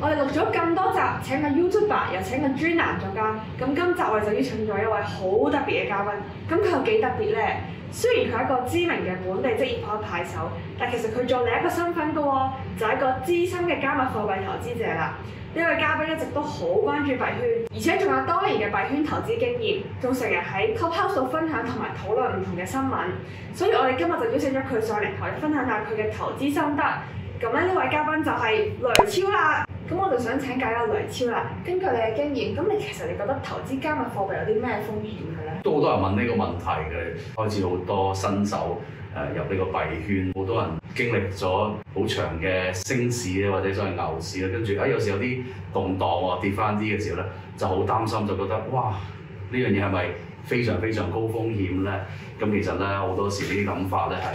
我哋錄咗咁多集，請緊 YouTuber，又請緊專欄作家，咁今集我哋就要請咗一位好特別嘅嘉賓。咁佢有幾特別咧？雖然佢係一個知名嘅本地職業派派手，但其實佢做另一個身份嘅喎，就係一個資深嘅加密貨幣投資者啦。呢位嘉賓一直都好關注幣圈，而且仲有多年嘅幣圈投資經驗，仲成日喺 Clubhouse 分享同埋討論唔同嘅新聞。所以我哋今日就邀請咗佢上嚟同我分享下佢嘅投資心得。咁咧，呢位嘉賓就係雷超啦。咁我就想請教一下雷超啦。根據你嘅經驗，咁你其實你覺得投資加密貨幣有啲咩風險嘅咧？都好多人問呢個問題嘅，開始好多新手誒、呃、入呢個幣圈，好多人經歷咗好長嘅升市咧，或者所謂牛市咧，跟住啊有時有啲動盪喎、哦，跌翻啲嘅時候咧，就好擔心，就覺得哇呢樣嘢係咪非常非常高風險咧？咁其實咧好多時呢啲諗法咧係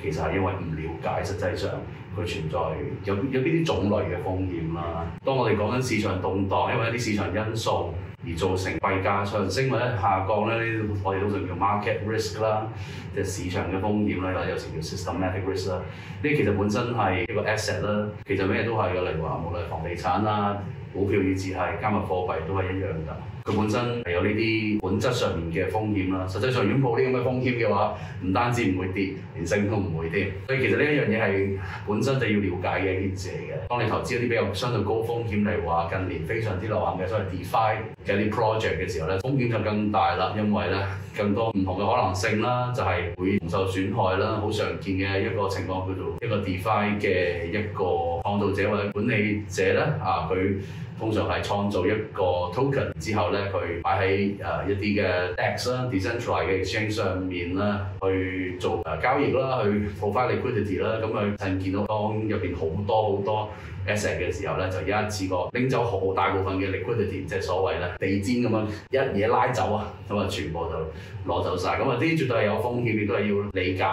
其實係因為唔了解實際上，佢存在有有邊啲種類嘅風險啦。當我哋講緊市場動盪，因為一啲市場因素而造成幣價上升或者下降咧，呢啲我哋都叫 market risk 啦，即係市場嘅風險啦。或者有時叫 systematic risk 啦。呢其實本身係一個 asset 啦，其實咩都係嘅。例如話，無論房地產啦、股票以至係加密貨幣都係一樣噶。佢本身係有呢啲本質上面嘅風險啦。實際上，擁抱呢啲咁嘅風險嘅話，唔單止唔會跌，連升都唔會跌。所以其實呢一樣嘢係本身就要了解嘅一件事嚟嘅。當你投資一啲比較相對高風險，例如話近年非常之流行嘅所謂 DeFi 嘅啲 project 嘅時候咧，風險就更大啦，因為咧更多唔同嘅可能性啦，就係會受損害啦。好常見嘅一個情況叫做一個 DeFi 嘅一個創造者或者管理者咧，啊佢。通常係創造一個 token 之後咧，佢擺喺誒一啲嘅 dex 啦、decentralised 嘅 exchange 上面啦，去做誒交易啦，去做翻 liquidity 啦。咁佢趁見到當入邊好多好多 asset 嘅時候咧，就一次過拎走好大部分嘅 liquidity，即係所謂咧地氈咁樣一嘢拉走啊，咁啊全部就攞走晒。咁啊啲絕對係有風險，亦都係要理解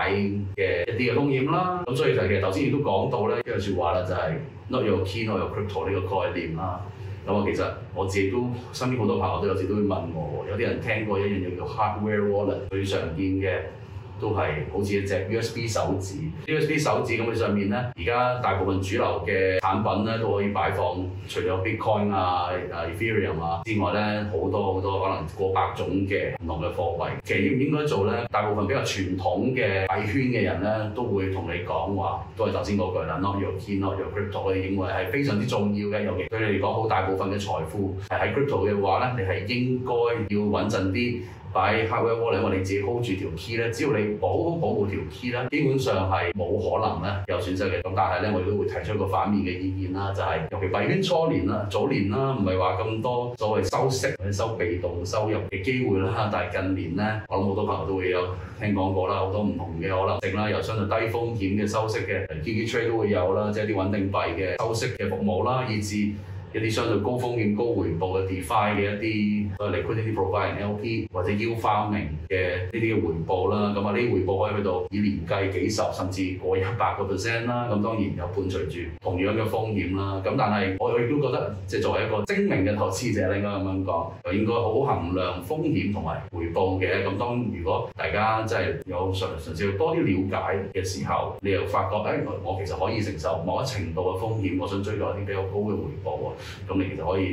嘅一啲嘅風險啦。咁所以就其實頭先亦都講到咧一樣説話啦，就係、是、not your key，nor your crypto 呢個概念啦。咁啊，其實我自己都身邊好多朋友都有時都會問我，有啲人聽過一樣嘢叫 hardware wallet，最常見嘅。都係好似一隻 USB 手指，USB 手指咁嘅上面咧，而家大部分主流嘅產品咧，都可以擺放，除咗 Bitcoin 啊、啊 Ethereum 啊之外咧，好多好多可能過百種嘅唔同嘅貨幣。其實應唔應該做咧？大部分比較傳統嘅幣圈嘅人咧，都會同你講話，都係頭先嗰句啦，Not your key, not your crypto，你認為係非常之重要嘅。尤其對你嚟講，好大部分嘅財富喺 crypto 嘅話咧，你係應該要穩陣啲。買 hardware wallet 我哋自己 hold 住條 key 咧，只要你保保護條 key 咧，基本上係冇可能咧有損失嘅。咁但係咧，我亦都會提出一個反面嘅意見啦，就係、是、尤其幣圈初年啦、早年啦，唔係話咁多所謂收息、或者收被動收入嘅機會啦。但係近年咧，我諗好多朋友都會有聽講過啦，好多唔同嘅可能性啦，由相對低風險嘅收息嘅 key trade 都會有啦，即係啲穩定幣嘅收息嘅服務啦，以至……一啲相對高風險高回報嘅 DeFi 嘅一啲、uh, liquidity provider LP 或者 yield farming 嘅呢啲嘅回報啦，咁啊呢啲回報可以去到以年計幾十甚至過一百個 percent 啦，咁、嗯、當然又伴隨住同樣嘅風險啦。咁、嗯、但係我亦都覺得，即係作為一個精明嘅投資者咧，你應該咁樣講，就應該好，好衡量風險同埋回報嘅。咁、嗯、當如果大家真係有純純粹多啲了解嘅時候，你又發覺誒、哎，我其實可以承受某一程度嘅風險，我想追求一啲比較高嘅回報喎、啊。咁你其實可以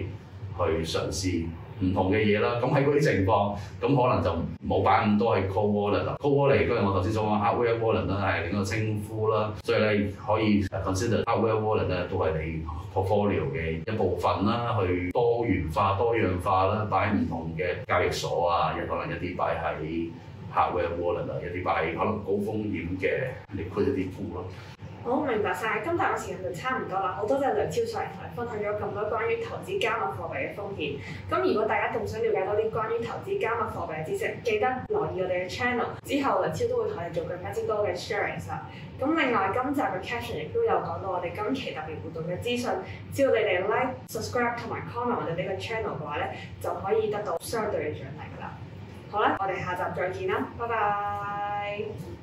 去嘗試唔同嘅嘢啦。咁喺嗰啲情況，咁可能就冇擺咁多係 cold wallet。cold wallet 都係我頭先所講 hardware wallet 啦，係另一個稱呼啦。所以咧可以頭先就 hardware wallet 咧都係你 portfolio 嘅一部分啦，去多元化、多樣化啦，擺唔同嘅交易所啊，有可能一啲擺喺 hardware wallet，一啲擺可能高風險嘅 liquidity pool 啦。好，明白晒。今集嘅時間就差唔多啦，好多謝梁超上嚟分享咗咁多關於投資加密貨幣嘅風險。咁如果大家仲想了解多啲關於投資加密貨幣嘅知識，記得留意我哋嘅 channel。之後梁超都會同你做更加之多嘅 sharing 啦。咁另外今集嘅 caption 亦都有講到我哋今期特別活動嘅資訊。只要你哋 like、subscribe 同埋 comment 我哋呢個 channel 嘅話咧，就可以得到相對嘅獎勵㗎啦。好啦，我哋下集再見啦，拜拜。